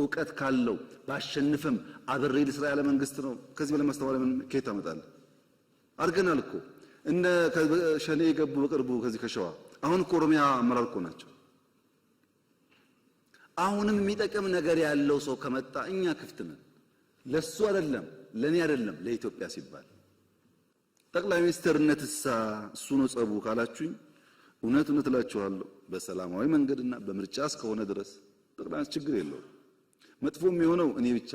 እውቀት ካለው ባሸንፍም አብሬ ልስራ ያለ መንግስት ነው። ከዚህ በላይ ማስተዋል ምን ከየት ታመጣለህ? አድርገናል እኮ እነ ሸኔ የገቡ በቅርቡ ከዚህ ከሸዋ አሁን እኮ ኦሮሚያ አመራር እኮ ናቸው። አሁንም የሚጠቅም ነገር ያለው ሰው ከመጣ እኛ ክፍት ነን። ለሱ አይደለም ለኔ አይደለም ለኢትዮጵያ ሲባል ጠቅላይ ሚኒስትርነት እሳ እሱ ነው ጸቡ ካላችሁኝ፣ እውነት እውነት እላችኋለሁ በሰላማዊ መንገድና በምርጫ እስከሆነ ድረስ ጠቅላይ ችግር የለውም። መጥፎ የሚሆነው እኔ ብቻ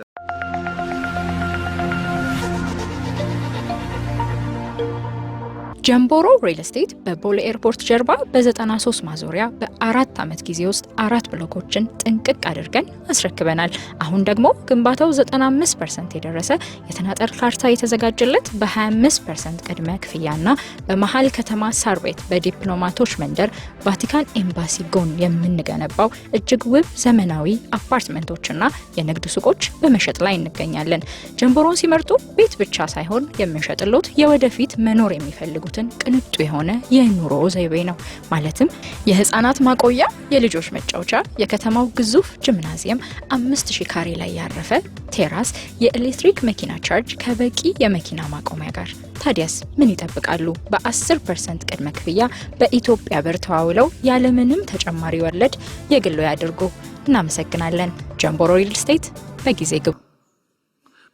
ጀምቦሮ ሪል ስቴት በቦሌ ኤርፖርት ጀርባ በ93 ማዞሪያ በአራት ዓመት ጊዜ ውስጥ አራት ብሎኮችን ጥንቅቅ አድርገን አስረክበናል። አሁን ደግሞ ግንባታው 95 ፐርሰንት የደረሰ የተናጠር ካርታ የተዘጋጀለት በ25 ፐርሰንት ቅድመ ክፍያና በመሀል ከተማ ሳር ቤት በዲፕሎማቶች መንደር ቫቲካን ኤምባሲ ጎን የምንገነባው እጅግ ውብ ዘመናዊ አፓርትመንቶችና የንግድ ሱቆች በመሸጥ ላይ እንገኛለን። ጀምቦሮን ሲመርጡ ቤት ብቻ ሳይሆን የምንሸጥሎት የወደፊት መኖር የሚፈልጉት የሚኖሩትን ቅንጡ የሆነ የኑሮ ዘይቤ ነው። ማለትም የህፃናት ማቆያ፣ የልጆች መጫወቻ፣ የከተማው ግዙፍ ጂምናዚየም፣ አምስት ሺ ካሬ ላይ ያረፈ ቴራስ፣ የኤሌክትሪክ መኪና ቻርጅ ከበቂ የመኪና ማቆሚያ ጋር። ታዲያስ ምን ይጠብቃሉ? በ10 ፐርሰንት ቅድመ ክፍያ በኢትዮጵያ ብር ተዋውለው ያለምንም ተጨማሪ ወለድ የግሎ ያድርጉ። እናመሰግናለን። ጀምቦሮ ሪል ስቴት በጊዜ ግቡ።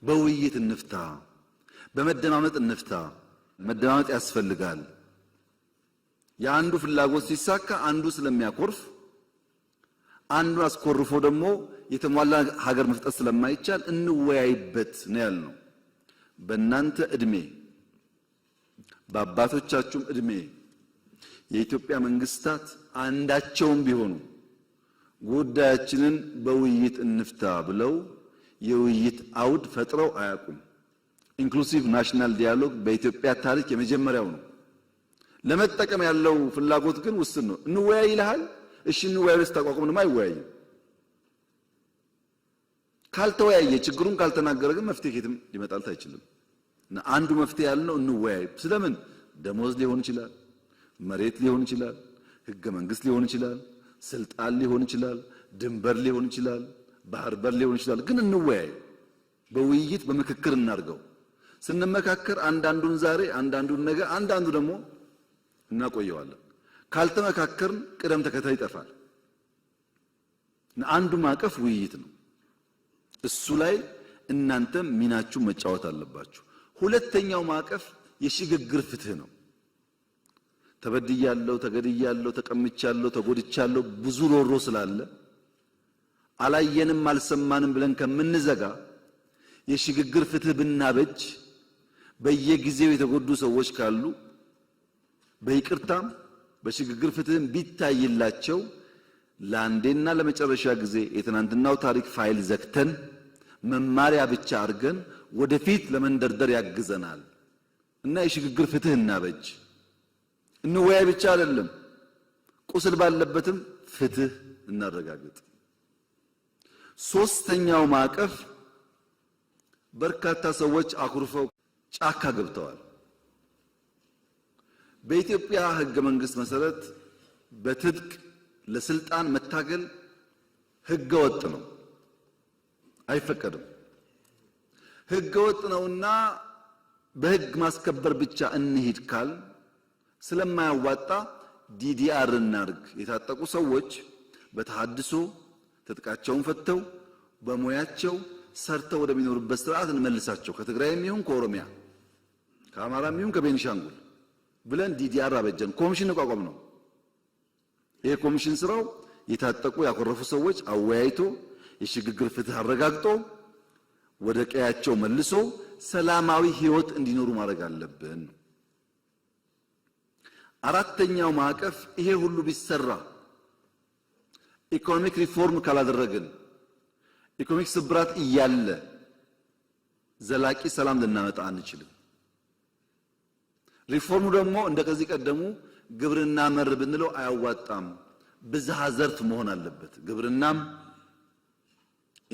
በውይይት እንፍታ፣ በመደማመጥ እንፍታ። መደማመጥ ያስፈልጋል። የአንዱ ፍላጎት ሲሳካ አንዱ ስለሚያኮርፍ አንዱ አስኮርፎ ደግሞ የተሟላ ሀገር መፍጠት ስለማይቻል እንወያይበት ነው ያልነው። በእናንተ እድሜ በአባቶቻችሁም እድሜ የኢትዮጵያ መንግስታት አንዳቸውም ቢሆኑ ጉዳያችንን በውይይት እንፍታ ብለው የውይይት አውድ ፈጥረው አያውቁም። ኢንክሉሲቭ ናሽናል ዲያሎግ በኢትዮጵያ ታሪክ የመጀመሪያው ነው። ለመጠቀም ያለው ፍላጎት ግን ውስን ነው። እንወያይ ይልሃል። እሺ እንወያይ ብለህ ስታቋቁምንም አይወያይም። ካልተወያየ ችግሩን ካልተናገረ ግን መፍትሄ ከየትም ሊመጣልት አይችልም። እና አንዱ መፍትሄ ያልነው እንወያይ። ስለምን ደሞዝ ሊሆን ይችላል፣ መሬት ሊሆን ይችላል፣ ህገ መንግስት ሊሆን ይችላል፣ ስልጣን ሊሆን ይችላል፣ ድንበር ሊሆን ይችላል፣ ባህር በር ሊሆን ይችላል። ግን እንወያይ፣ በውይይት በምክክር እናድርገው። ስንመካከር አንዳንዱን ዛሬ አንዳንዱን ነገ አንዳንዱ ደግሞ እናቆየዋለን። ካልተመካከርን ቅደም ተከታይ ይጠፋል። አንዱ ማዕቀፍ ውይይት ነው። እሱ ላይ እናንተም ሚናችሁ መጫወት አለባችሁ። ሁለተኛው ማዕቀፍ የሽግግር ፍትህ ነው። ተበድያለሁ፣ ተገድያለሁ፣ ተቀምቻለሁ፣ ተጎድቻለሁ ብዙ ሮሮ ስላለ አላየንም አልሰማንም ብለን ከምንዘጋ የሽግግር ፍትህ ብናበጅ በየጊዜው የተጎዱ ሰዎች ካሉ በይቅርታም በሽግግር ፍትህም ቢታይላቸው ለአንዴና ለመጨረሻ ጊዜ የትናንትናው ታሪክ ፋይል ዘግተን መማሪያ ብቻ አድርገን ወደፊት ለመንደርደር ያግዘናል እና የሽግግር ፍትህ እናበጅ። እንወያይ ብቻ አይደለም፣ ቁስል ባለበትም ፍትህ እናረጋግጥ። ሶስተኛው ማዕቀፍ በርካታ ሰዎች አኩርፈው ጫካ ገብተዋል። በኢትዮጵያ ህገ መንግስት መሰረት በትጥቅ ለስልጣን መታገል ህገ ወጥ ነው፣ አይፈቀድም። ህገ ወጥ ነውና በህግ ማስከበር ብቻ እንሂድ ካል ስለማያዋጣ ዲዲአር እናርግ። የታጠቁ ሰዎች በተሃድሶ ትጥቃቸውን ፈተው በሙያቸው ሰርተው ወደሚኖሩበት ስርዓት እንመልሳቸው፣ ከትግራይም ይሁን ከኦሮሚያ ከአማራም ይሁን ከቤኒሻንጉል ብለን ዲዲአር አበጀን። ኮሚሽን እንቋቋም ነው። ይሄ ኮሚሽን ስራው የታጠቁ ያኮረፉ ሰዎች አወያይቶ የሽግግር ፍትህ አረጋግጦ ወደ ቀያቸው መልሶ ሰላማዊ ህይወት እንዲኖሩ ማድረግ አለብን። አራተኛው ማዕቀፍ ይሄ ሁሉ ቢሰራ ኢኮኖሚክ ሪፎርም ካላደረግን ኢኮኖሚክ ስብራት እያለ ዘላቂ ሰላም ልናመጣ አንችልም። ሪፎርሙ ደግሞ እንደከዚህ ቀደሙ ግብርና መር ብንለው አያዋጣም። ብዝሃ ዘርፍ መሆን አለበት። ግብርናም፣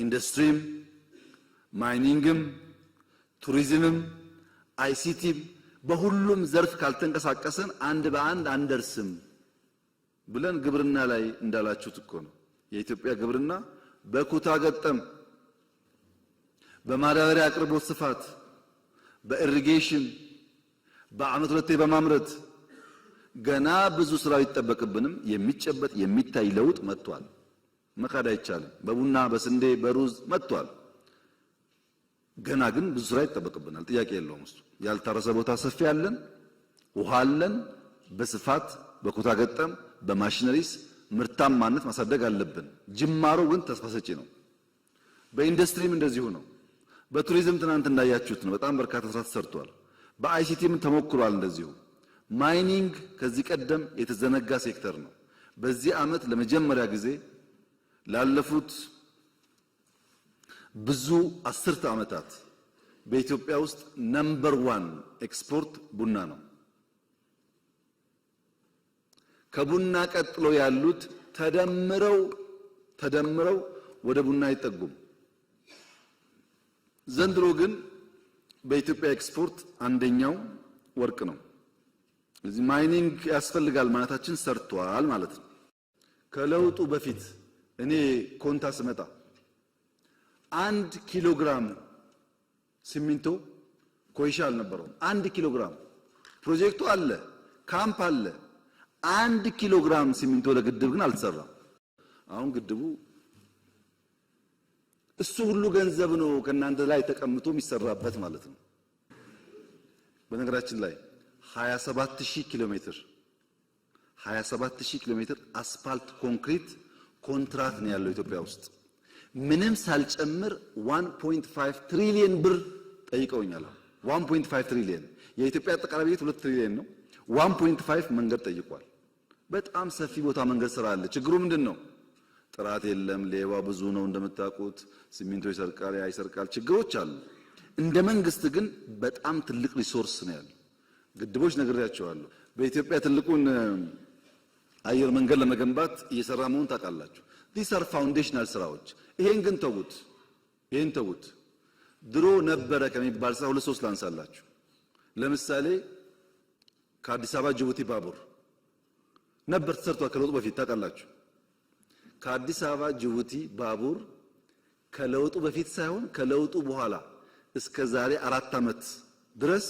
ኢንዱስትሪም፣ ማይኒንግም፣ ቱሪዝምም፣ አይሲቲም በሁሉም ዘርፍ ካልተንቀሳቀስን አንድ በአንድ አንደርስም ብለን ግብርና ላይ እንዳላችሁት እኮ ነው የኢትዮጵያ ግብርና በኩታ ገጠም፣ በማዳበሪያ አቅርቦት ስፋት፣ በኢሪጌሽን በአመት ሁለቴ በማምረት ገና ብዙ ስራ ይጠበቅብንም። የሚጨበጥ የሚታይ ለውጥ መጥቷል። መካድ አይቻልም። በቡና በስንዴ በሩዝ መጥቷል። ገና ግን ብዙ ስራ ይጠበቅብናል። ጥያቄ የለውም እሱ። ያልታረሰ ቦታ ሰፊ አለን፣ ውሃ አለን። በስፋት በኩታ ገጠም በማሽነሪስ ምርታማነት ማሳደግ አለብን። ጅማሮ ግን ተስፋ ሰጪ ነው። በኢንዱስትሪም እንደዚሁ ነው። በቱሪዝም ትናንት እንዳያችሁት ነው። በጣም በርካታ ስራ ተሰርቷል። በአይሲቲም ተሞክሯል። እንደዚሁ ማይኒንግ ከዚህ ቀደም የተዘነጋ ሴክተር ነው። በዚህ ዓመት ለመጀመሪያ ጊዜ ላለፉት ብዙ አስርተ ዓመታት በኢትዮጵያ ውስጥ ነምበር ዋን ኤክስፖርት ቡና ነው። ከቡና ቀጥሎ ያሉት ተደምረው ተደምረው ወደ ቡና አይጠጉም። ዘንድሮ ግን በኢትዮጵያ ኤክስፖርት አንደኛው ወርቅ ነው። እዚህ ማይኒንግ ያስፈልጋል ማለታችን ሰርቷል ማለት ነው። ከለውጡ በፊት እኔ ኮንታ ስመጣ አንድ ኪሎ ግራም ሲሚንቶ ኮይሻ አልነበረውም። አንድ ኪሎ ግራም ፕሮጀክቱ አለ፣ ካምፕ አለ አንድ ኪሎ ግራም ሲሚንቶ ለግድብ ግን አልተሰራም። አሁን ግድቡ እሱ ሁሉ ገንዘብ ነው ከእናንተ ላይ ተቀምጦ የሚሰራበት ማለት ነው። በነገራችን ላይ 27000 ኪሎ ሜትር 27000 ኪሎ ሜትር አስፋልት ኮንክሪት ኮንትራክት ነው ያለው ኢትዮጵያ ውስጥ ምንም ሳልጨምር 1.5 ትሪሊየን ብር ጠይቀውኛል። 1.5 ትሪሊየን የኢትዮጵያ አጠቃላይ በጀት 2 ትሪሊየን ነው። ዋን ፖይንት መንገድ ጠይቋል። በጣም ሰፊ ቦታ መንገድ ስራ አለ። ችግሩ ምንድን ነው? ጥራት የለም። ሌባ ብዙ ነው እንደምታውቁት። ሲሚንቶ ይሰርቃል፣ ያ ይሰርቃል። ችግሮች አሉ። እንደ መንግስት ግን በጣም ትልቅ ሪሶርስ ነው ያለው። ግድቦች ነግሬያቸዋለሁ። በኢትዮጵያ ትልቁን አየር መንገድ ለመገንባት እየሰራ መሆን ታውቃላችሁ። ዲስ አር ፋውንዴሽናል ስራዎች። ይሄን ግን ተውት፣ ይሄን ተውት። ድሮ ነበረ ከሚባል ስራ ሁለት ሶስት ላንሳላችሁ። ለምሳሌ ከአዲስ አበባ ጅቡቲ ባቡር ነበር ተሰርቷል። ከለውጡ በፊት ታውቃላችሁ። ከአዲስ አበባ ጅቡቲ ባቡር ከለውጡ በፊት ሳይሆን ከለውጡ በኋላ እስከ ዛሬ አራት ዓመት ድረስ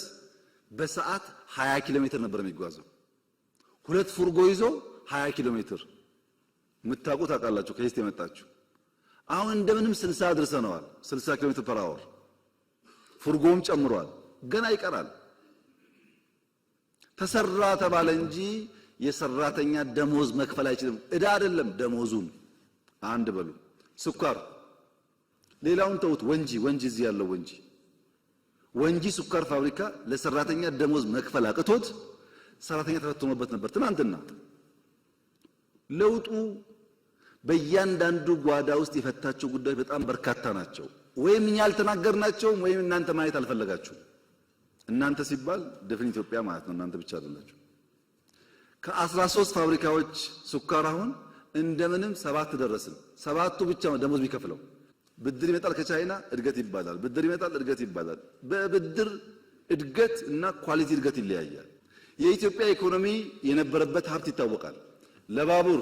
በሰዓት 20 ኪሎ ሜትር ነበር የሚጓዘው። ሁለት ፉርጎ ይዞ 20 ኪሎ ሜትር የምታውቁ ታውቃላችሁ፣ ከሂስት የመጣችሁ አሁን እንደምንም 60 አድርሰነዋል። 60 ኪሎ ሜትር ፐር አወር ፉርጎውም ጨምሯል። ገና ይቀራል። ተሰራ ተባለ እንጂ የሰራተኛ ደሞዝ መክፈል አይችልም። እዳ አይደለም ደሞዙን አንድ በሉ። ስኳር ሌላውን ተውት። ወንጂ ወንጂ እዚህ ያለው ወንጂ ወንጂ ስኳር ፋብሪካ ለሰራተኛ ደሞዝ መክፈል አቅቶት ሰራተኛ ተፈትሞበት ነበር ትናንትና። ለውጡ በእያንዳንዱ ጓዳ ውስጥ የፈታቸው ጉዳዮች በጣም በርካታ ናቸው። ወይም እኛ አልተናገርናቸውም ወይም እናንተ ማየት አልፈለጋችሁም። እናንተ ሲባል ደፍን ኢትዮጵያ ማለት ነው። እናንተ ብቻ አይደላችሁ። ከ13 ፋብሪካዎች ስኳር አሁን እንደምንም ሰባት ደረስን። ሰባቱ ብቻ ነው ደሞዝ ቢከፍለው። ብድር ይመጣል ከቻይና እድገት ይባላል፣ ብድር ይመጣል እድገት ይባላል። በብድር እድገት እና ኳሊቲ እድገት ይለያያል። የኢትዮጵያ ኢኮኖሚ የነበረበት ሀብት ይታወቃል። ለባቡር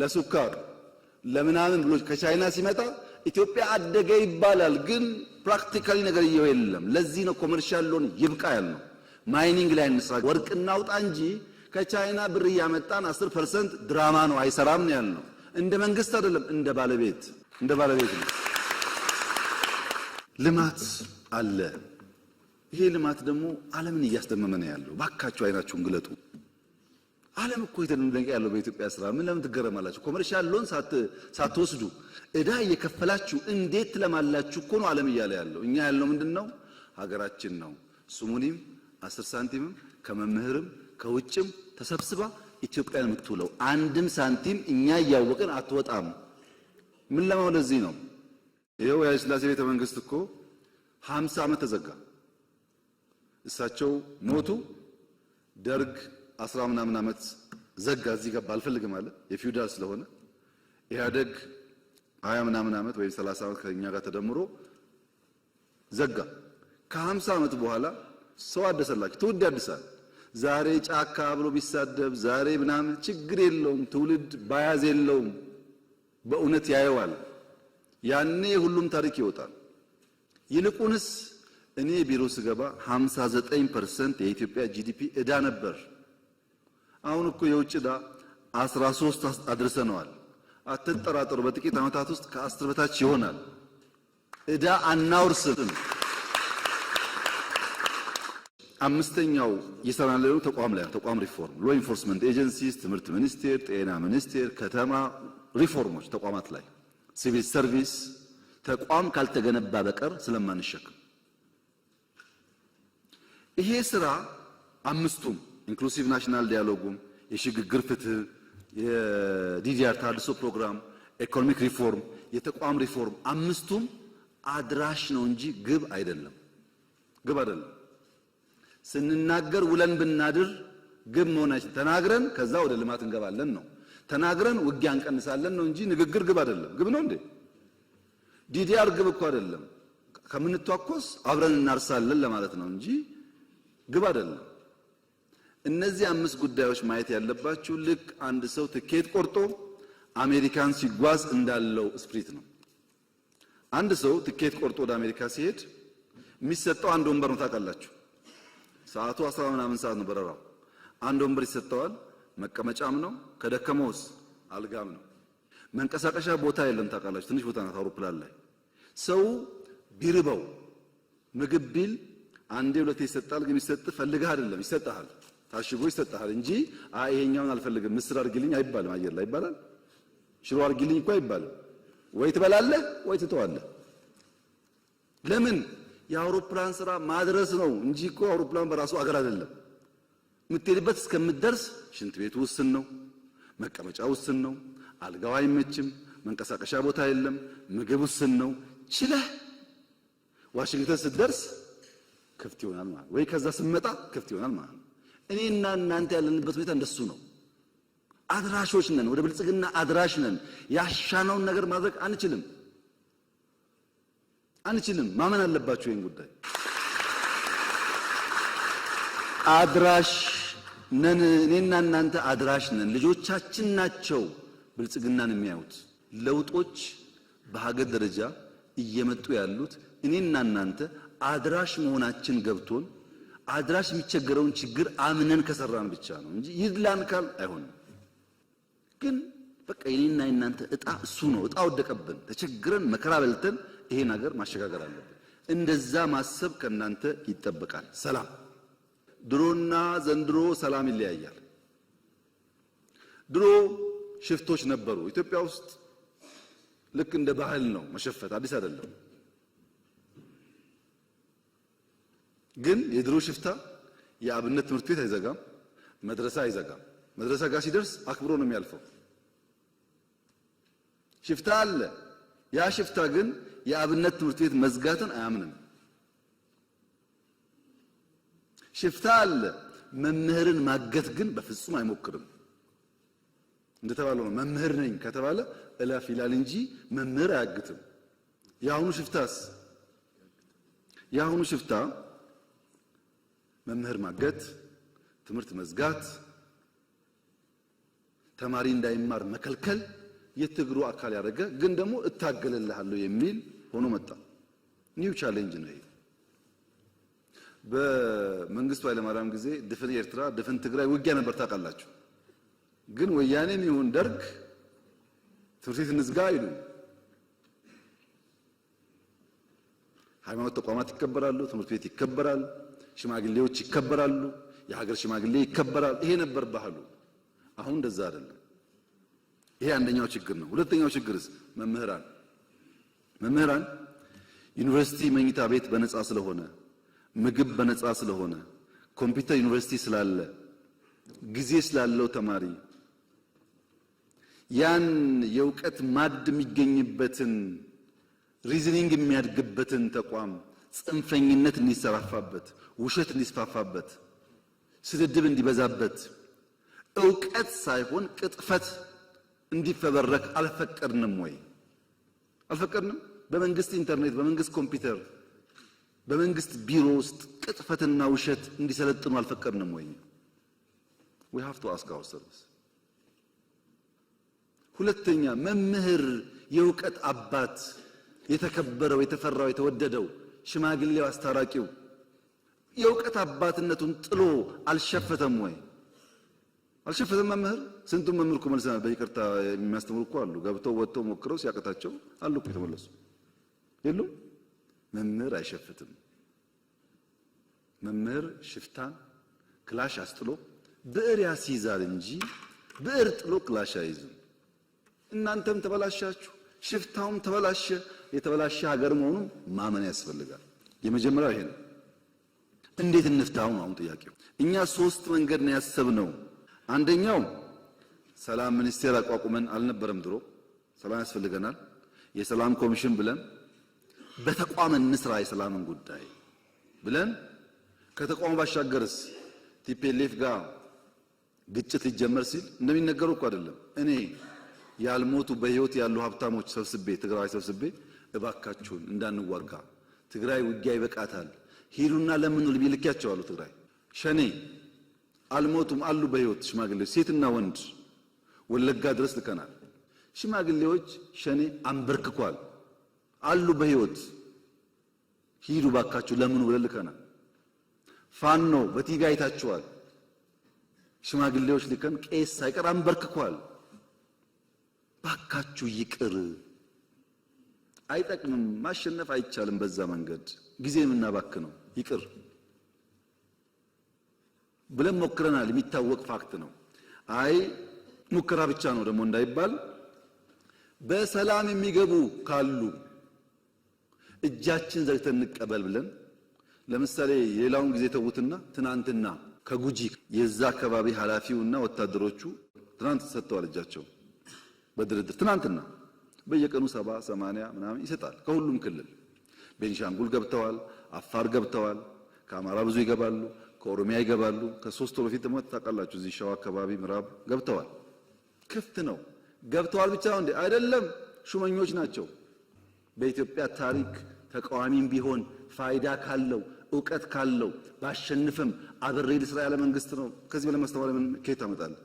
ለስኳር ለምናምን ብሎ ከቻይና ሲመጣ ኢትዮጵያ አደገ ይባላል፣ ግን ፕራክቲካሊ ነገር የለም። ለዚህ ነው ኮመርሻል ሎን ይብቃ ያልነው። ማይኒንግ ላይ እንስራ፣ ወርቅ እናውጣ እንጂ ከቻይና ብር እያመጣን 10% ድራማ ነው፣ አይሰራም ነው ያልነው። እንደ መንግስት አይደለም፣ እንደ ባለቤት እንደ ባለቤት ነው። ልማት አለ። ይሄ ልማት ደግሞ ዓለምን እያስደመመ ነው ያለው። ባካችሁ አይናችሁን ግለጡ። ዓለም እኮ የተደነቀ ያለው በኢትዮጵያ ስራ። ምን ለምን ትገረማላችሁ? ኮመርሻል ሎን ሳትወስዱ እዳ እየከፈላችሁ እንዴት ትለማላችሁ እኮ ነው ዓለም እያለ ያለው። እኛ ያለው ምንድን ነው? ሀገራችን ነው። ስሙኒም አስር ሳንቲምም ከመምህርም ከውጭም ተሰብስባ ኢትዮጵያን የምትውለው አንድም ሳንቲም እኛ እያወቅን አትወጣም። ምን ለማው ለዚህ ነው ይኸው ያ ስላሴ ቤተ መንግስት እኮ 50 ዓመት ተዘጋ። እሳቸው ሞቱ። ደርግ አስራ ምናምን ዓመት ዘጋ። እዚህ ገባ አልፈልግም አለ የፊውዳል ስለሆነ ኢህአደግ ሀያ ምናምን ዓመት ወይም ሰላሳ ዓመት ከኛ ጋር ተደምሮ ዘጋ። ከሀምሳ ዓመት በኋላ ሰው አደሰላችሁ፣ ትውልድ ያድሳል። ዛሬ ጫካ ብሎ ቢሳደብ ዛሬ ምናምን ችግር የለውም። ትውልድ ባያዝ የለውም። በእውነት ያየዋል። ያኔ ሁሉም ታሪክ ይወጣል። ይልቁንስ እኔ ቢሮ ስገባ 59% የኢትዮጵያ ጂዲፒ እዳ ነበር። አሁን እኮ የውጭ እዳ 13 አድርሰነዋል። አትጠራጠሩ። በጥቂት ዓመታት ውስጥ ከአስር በታች ይሆናል። እዳ አናውርስም። አምስተኛው እየሰራን ተቋም ላይ ተቋም ሪፎርም ሎ ኢንፎርስመንት ኤጀንሲስ፣ ትምህርት ሚኒስቴር፣ ጤና ሚኒስቴር፣ ከተማ ሪፎርሞች ተቋማት ላይ ሲቪል ሰርቪስ ተቋም ካልተገነባ በቀር ስለማንሸክም ይሄ ስራ አምስቱም ኢንክሉሲቭ ናሽናል ዲያሎጉም የሽግግር ፍትህ የዲዲአር ታድሶ ፕሮግራም፣ ኢኮኖሚክ ሪፎርም፣ የተቋም ሪፎርም አምስቱም አድራሽ ነው እንጂ ግብ አይደለም። ግብ አይደለም። ስንናገር ውለን ብናድር ግብ መሆናችን ተናግረን ከዛ ወደ ልማት እንገባለን ነው። ተናግረን ውጊያ እንቀንሳለን ነው እንጂ ንግግር ግብ አይደለም። ግብ ነው እንዴ? ዲዲአር ግብ እኮ አይደለም። ከምንቷኮስ አብረን እናርሳለን ለማለት ነው እንጂ ግብ አይደለም። እነዚህ አምስት ጉዳዮች ማየት ያለባችሁ ልክ አንድ ሰው ትኬት ቆርጦ አሜሪካን ሲጓዝ እንዳለው ስፕሪት ነው። አንድ ሰው ትኬት ቆርጦ ወደ አሜሪካ ሲሄድ የሚሰጠው አንድ ወንበር ነው። ታውቃላችሁ፣ ሰዓቱ አስራ ምናምን ሰዓት ነው በረራው። አንድ ወንበር ይሰጠዋል። መቀመጫም ነው፣ ከደከመውስ አልጋም ነው። መንቀሳቀሻ ቦታ የለም። ታውቃላችሁ፣ ትንሽ ቦታ ናት አውሮፕላን ላይ። ሰው ቢርበው ምግብ ቢል አንዴ ሁለቴ ይሰጣል። ግን ይሰጥ ፈልገህ አይደለም ይሰጥሃል። ታሽጎ ይሰጣል እንጂ አይ ይሄኛውን አልፈልግም ምስር አድርግልኝ አይባልም። አየር ላይ ይባላል። ሽሮ አድርግልኝ እኮ አይባልም። ወይ ትበላለህ ወይ ትተዋለህ። ለምን የአውሮፕላን ስራ ማድረስ ነው እንጂ እኮ አውሮፕላን በራሱ አገር አይደለም። የምትሄድበት እስከምትደርስ ሽንት ቤቱ ውስን ነው፣ መቀመጫ ውስን ነው፣ አልጋው አይመችም፣ መንቀሳቀሻ ቦታ የለም፣ ምግብ ውስን ነው። ችለህ ዋሽንግተን ስትደርስ ክፍት ይሆናል ማለት ወይ ከዛ ስትመጣ ክፍት ይሆናል ማለት እኔና እናንተ ያለንበት ሁኔታ እንደሱ ነው። አድራሾች ነን፣ ወደ ብልጽግና አድራሽ ነን። ያሻነውን ነገር ማድረግ አንችልም አንችልም። ማመን አለባችሁ ይህን ጉዳይ። አድራሽ ነን፣ እኔና እናንተ አድራሽ ነን። ልጆቻችን ናቸው ብልጽግናን የሚያዩት። ለውጦች በሀገር ደረጃ እየመጡ ያሉት እኔና እናንተ አድራሽ መሆናችን ገብቶን አድራሽ የሚቸገረውን ችግር አምነን ከሰራን ብቻ ነው እንጂ ይድላን ካል አይሆንም። ግን በቃ የኔና የናንተ እጣ እሱ ነው። እጣ ወደቀብን፣ ተቸግረን መከራ በልተን ይሄን ሀገር ማሸጋገር አለብን። እንደዛ ማሰብ ከእናንተ ይጠበቃል። ሰላም ድሮና ዘንድሮ ሰላም ይለያያል። ድሮ ሽፍቶች ነበሩ ኢትዮጵያ ውስጥ ልክ እንደ ባህል ነው መሸፈት፣ አዲስ አይደለም። ግን የድሮ ሽፍታ የአብነት ትምህርት ቤት አይዘጋም፣ መድረሳ አይዘጋም። መድረሳ ጋር ሲደርስ አክብሮ ነው የሚያልፈው። ሽፍታ አለ። ያ ሽፍታ ግን የአብነት ትምህርት ቤት መዝጋትን አያምንም። ሽፍታ አለ። መምህርን ማገት ግን በፍጹም አይሞክርም። እንደተባለው ነው። መምህር ነኝ ከተባለ እለፍ ይላል እንጂ መምህር አያግትም። የአሁኑ ሽፍታስ የአሁኑ ሽፍታ መምህር ማገት፣ ትምህርት መዝጋት፣ ተማሪ እንዳይማር መከልከል የትግሩ አካል ያደረገ ግን ደግሞ እታገለልሃለሁ የሚል ሆኖ መጣ። ኒው ቻሌንጅ ነው ይሄ። በመንግስቱ ኃይለማርያም ጊዜ ድፍን ኤርትራ፣ ድፍን ትግራይ ውጊያ ነበር ታውቃላችሁ። ግን ወያኔም ይሁን ደርግ ትምህርት ቤት እንዝጋ ሃይማኖት ተቋማት ይከበራሉ፣ ትምህርት ቤት ይከበራል። ሽማግሌዎች ይከበራሉ፣ የሀገር ሽማግሌ ይከበራል። ይሄ ነበር ባህሉ። አሁን እንደዛ አይደለም። ይሄ አንደኛው ችግር ነው። ሁለተኛው ችግርስ መምህራን መምህራን ዩኒቨርሲቲ መኝታ ቤት በነፃ ስለሆነ ምግብ በነፃ ስለሆነ ኮምፒውተር ዩኒቨርሲቲ ስላለ ጊዜ ስላለው ተማሪ ያን የእውቀት ማድ የሚገኝበትን ሪዝኒንግ የሚያድግበትን ተቋም ጽንፈኝነት እንዲሰራፋበት፣ ውሸት እንዲስፋፋበት፣ ስድድብ እንዲበዛበት፣ እውቀት ሳይሆን ቅጥፈት እንዲፈበረክ አልፈቀድንም ወይ? አልፈቀድንም። በመንግስት ኢንተርኔት፣ በመንግስት ኮምፒውተር፣ በመንግስት ቢሮ ውስጥ ቅጥፈትና ውሸት እንዲሰለጥኑ አልፈቀድንም ወይ? we have to ask ourselves ሁለተኛ መምህር የእውቀት አባት የተከበረው የተፈራው የተወደደው ሽማግሌው አስታራቂው የእውቀት አባትነቱን ጥሎ አልሸፈተም ወይ? አልሸፈተም። መምህር ስንቱን መምህር እኮ መልሰናል። በይቅርታ የሚያስተምሩ እኮ አሉ፣ ገብተው ወጥተው ሞክረው ሲያቅታቸው አሉ እኮ የተመለሱ የሉም። መምህር አይሸፍትም። መምህር ሽፍታን ክላሽ አስጥሎ ብዕር ያስይዛል እንጂ ብዕር ጥሎ ክላሽ አይይዝም። እናንተም ተበላሻችሁ። ሽፍታውም ተበላሸ። የተበላሸ ሀገር መሆኑን ማመን ያስፈልጋል። የመጀመሪያው ይሄ ነው። እንዴት እንፍታው ነው አሁን ጥያቄው። እኛ ሶስት መንገድ ነው ያሰብነው። አንደኛው ሰላም ሚኒስቴር አቋቁመን አልነበረም? ድሮ ሰላም ያስፈልገናል፣ የሰላም ኮሚሽን ብለን በተቋም እንስራ የሰላምን ጉዳይ ብለን ከተቋሙ ባሻገርስ ቲፒኤልኤፍ ጋር ግጭት ሊጀመር ሲል እንደሚነገሩ እኮ አይደለም እኔ ያልሞቱ በህይወት ያሉ ሀብታሞች ሰብስቤ ትግራዋይ ሰብስቤ እባካችሁን እንዳንዋጋ ትግራይ ውጊያ ይበቃታል፣ ሂዱና ለምኑ አሉ ትግራይ ሸኔ አልሞቱም አሉ በህይወት ሽማግሌዎች፣ ሴትና ወንድ ወለጋ ድረስ ልከናል። ሽማግሌዎች ሸኔ አንበርክኳል አሉ በህይወት ሂዱ ባካችሁ ለምኑ ብለን ልከናል። ፋኖ በቲቪ አይታችኋል። ሽማግሌዎች ልከን ቄስ ሳይቀር አንበርክኳል። ባካችሁ ይቅር። አይጠቅምም። ማሸነፍ አይቻልም። በዛ መንገድ ጊዜ የምናባክ ነው። ይቅር ብለን ሞክረናል። የሚታወቅ ፋክት ነው። አይ ሙከራ ብቻ ነው ደግሞ እንዳይባል በሰላም የሚገቡ ካሉ እጃችን ዘግተን እንቀበል ብለን ለምሳሌ የሌላውን ጊዜ ተዉትና ትናንትና ከጉጂ የዛ አካባቢ ኃላፊውና ወታደሮቹ ትናንት ሰጥተዋል እጃቸው በድርድር ትናንትና በየቀኑ ሰባ ሰማንያ ምናምን ይሰጣል። ከሁሉም ክልል ቤንሻንጉል ገብተዋል፣ አፋር ገብተዋል፣ ከአማራ ብዙ ይገባሉ፣ ከኦሮሚያ ይገባሉ። ከሶስት ወር በፊት ደግሞ ታውቃላችሁ፣ እዚህ ሸዋ አካባቢ ምዕራብ ገብተዋል። ክፍት ነው። ገብተዋል ብቻ ነው እንዴ? አይደለም፣ ሹመኞች ናቸው። በኢትዮጵያ ታሪክ ተቃዋሚም ቢሆን ፋይዳ ካለው እውቀት ካለው ባሸንፍም አብሬ ልስራ ያለ መንግስት ነው። ከዚህ በላይ ምን ከየት አመጣለሁ?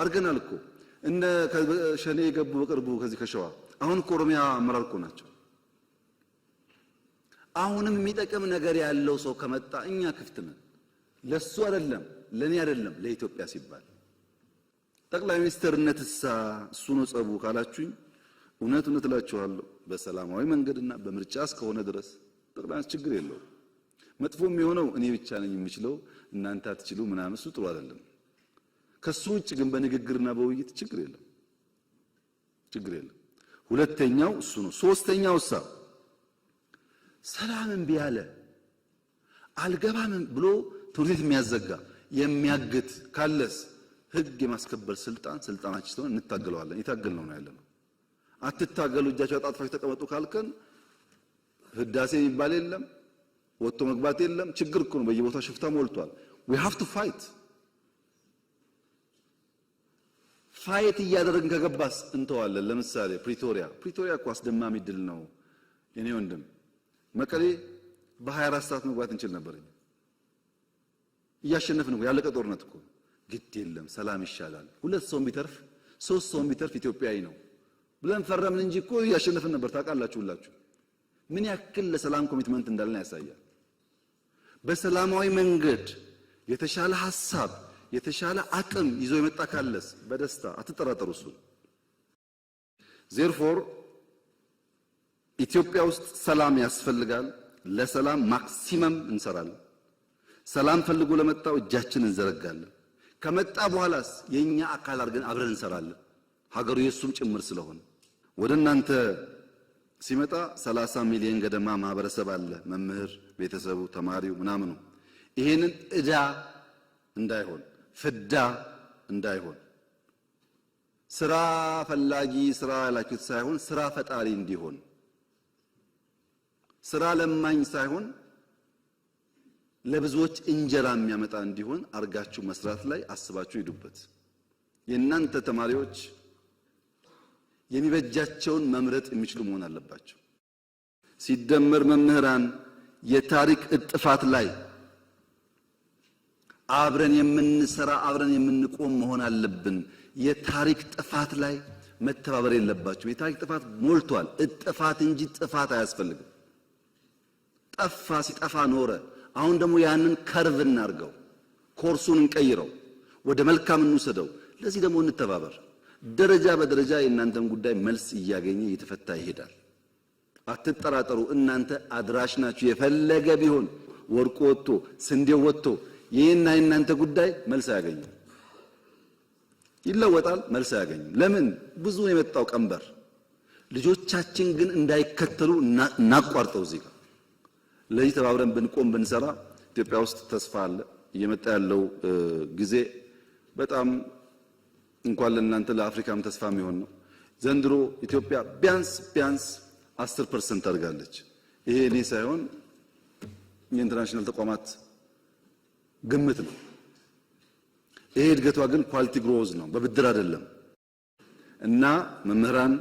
አድርገናል እኮ እነ ሸኔ የገቡ በቅርቡ ከዚህ ከሸዋ አሁን ከኦሮሚያ አመራር እኮ ናቸው። አሁንም የሚጠቅም ነገር ያለው ሰው ከመጣ እኛ ክፍት ነን። ለሱ አይደለም ለኔ አይደለም ለኢትዮጵያ ሲባል ጠቅላይ ሚኒስትርነት እሳ እሱ ነው ጸቡ ካላችሁኝ፣ እውነት እውነት እላችኋለሁ በሰላማዊ መንገድና በምርጫ እስከሆነ ድረስ ጠቅላይ ችግር የለውም። መጥፎ የሚሆነው እኔ ብቻ ነኝ የምችለው እናንተ አትችሉ ምናምን፣ እሱ ጥሩ አይደለም። ከሱ ውጭ ግን በንግግርና በውይይት ችግር የለም፣ ችግር የለም። ሁለተኛው እሱ ነው። ሶስተኛው እሳ ሰላምን ቢያለ አለ ብሎ ትውልት የሚያዘጋ የሚያግት ካለስ ህግ የማስከበር ስልጣን ስልጣናችን ስለሆነ እንታገለዋለን። የታገልነው ነው ያለነው። አትታገሉ እጃቸው አጣጥፋችሁ ተቀመጡ ካልከን ህዳሴ የሚባል የለም፣ ወጥቶ መግባት የለም። ችግር እኮ ነው። በየቦታው ሽፍታ ሞልቷል። we have to fight ፋየት እያደረግን ከገባስ እንተዋለን። ለምሳሌ ፕሪቶሪያ ፕሪቶሪያ እኮ አስደማሚ ድል ነው። እኔ ወንድም መቀሌ በ24 ሰዓት መግባት እንችል ነበር። እያሸነፍን እኮ ያለቀ ጦርነት እኮ ግድ የለም ሰላም ይሻላል። ሁለት ሰውም ቢተርፍ ሶስት ሰውም ቢተርፍ ኢትዮጵያዊ ነው ብለን ፈረምን እንጂ እኮ እያሸነፍን ነበር። ታውቃላችሁ ሁላችሁ ምን ያክል ለሰላም ኮሚትመንት እንዳለን ያሳያል። በሰላማዊ መንገድ የተሻለ ሀሳብ የተሻለ አቅም ይዞ የመጣ ካለስ በደስታ አትጠራጠሩ። እሱን ዜርፎር ኢትዮጵያ ውስጥ ሰላም ያስፈልጋል። ለሰላም ማክሲመም እንሰራለን። ሰላም ፈልጎ ለመጣው እጃችን እንዘረጋለን። ከመጣ በኋላስ የኛ አካል አድርገን አብረን እንሰራለን። ሀገሩ የሱም ጭምር ስለሆነ ወደ እናንተ ሲመጣ 30 ሚሊዮን ገደማ ማህበረሰብ አለ። መምህር፣ ቤተሰቡ፣ ተማሪው ምናምኑ ይሄንን ዕዳ እንዳይሆን ፍዳ እንዳይሆን ስራ ፈላጊ ስራ ያላችሁት ሳይሆን ስራ ፈጣሪ እንዲሆን ስራ ለማኝ ሳይሆን ለብዙዎች እንጀራ የሚያመጣ እንዲሆን አርጋችሁ መስራት ላይ አስባችሁ ሂዱበት። የእናንተ ተማሪዎች የሚበጃቸውን መምረጥ የሚችሉ መሆን አለባቸው። ሲደመር መምህራን የታሪክ እጥፋት ላይ አብረን የምንሰራ አብረን የምንቆም መሆን አለብን። የታሪክ ጥፋት ላይ መተባበር የለባቸው የታሪክ ጥፋት ሞልቷል። እጥፋት እንጂ ጥፋት አያስፈልግም። ጠፋ ሲጠፋ ኖረ። አሁን ደግሞ ያንን ከርቭ እናርገው፣ ኮርሱን እንቀይረው፣ ወደ መልካም እንውሰደው። ለዚህ ደግሞ እንተባበር። ደረጃ በደረጃ የእናንተን ጉዳይ መልስ እያገኘ እየተፈታ ይሄዳል። አትጠራጠሩ። እናንተ አድራሽ ናችሁ። የፈለገ ቢሆን ወርቁ ወጥቶ ስንዴው ወጥቶ ይህና የእናንተ ጉዳይ መልስ አያገኝም። ይለወጣል፣ መልስ አያገኝም። ለምን ብዙ የመጣው ቀንበር። ልጆቻችን ግን እንዳይከተሉ እናቋርጠው። እዚህ ጋር ለዚህ ተባብረን ብንቆም ብንሰራ ኢትዮጵያ ውስጥ ተስፋ አለ። እየመጣ ያለው ጊዜ በጣም እንኳን ለእናንተ ለአፍሪካም ተስፋ የሚሆን ነው። ዘንድሮ ኢትዮጵያ ቢያንስ ቢያንስ 10% አድርጋለች። ይሄ እኔ ሳይሆን የኢንተርናሽናል ተቋማት ግምት ነው። ይሄ እድገቷ ግን ኳሊቲ ግሮዝ ነው፣ በብድር አይደለም። እና መምህራን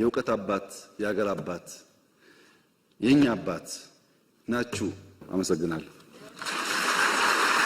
የእውቀት አባት የሀገር አባት የእኛ አባት ናችሁ። አመሰግናለሁ።